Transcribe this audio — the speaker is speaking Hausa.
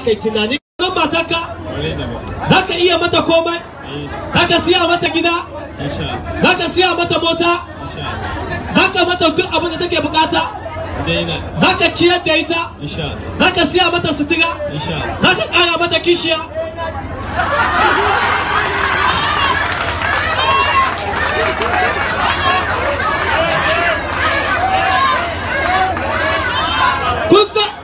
zaka yi tunani kan matarka za ka iya mata komai eh. za ka siya mata gida za ka siya mata mota za ka mata duk abin da take bukata za ka ciyar da ita za ka siya mata sutura za ka kara mata kishiya kun san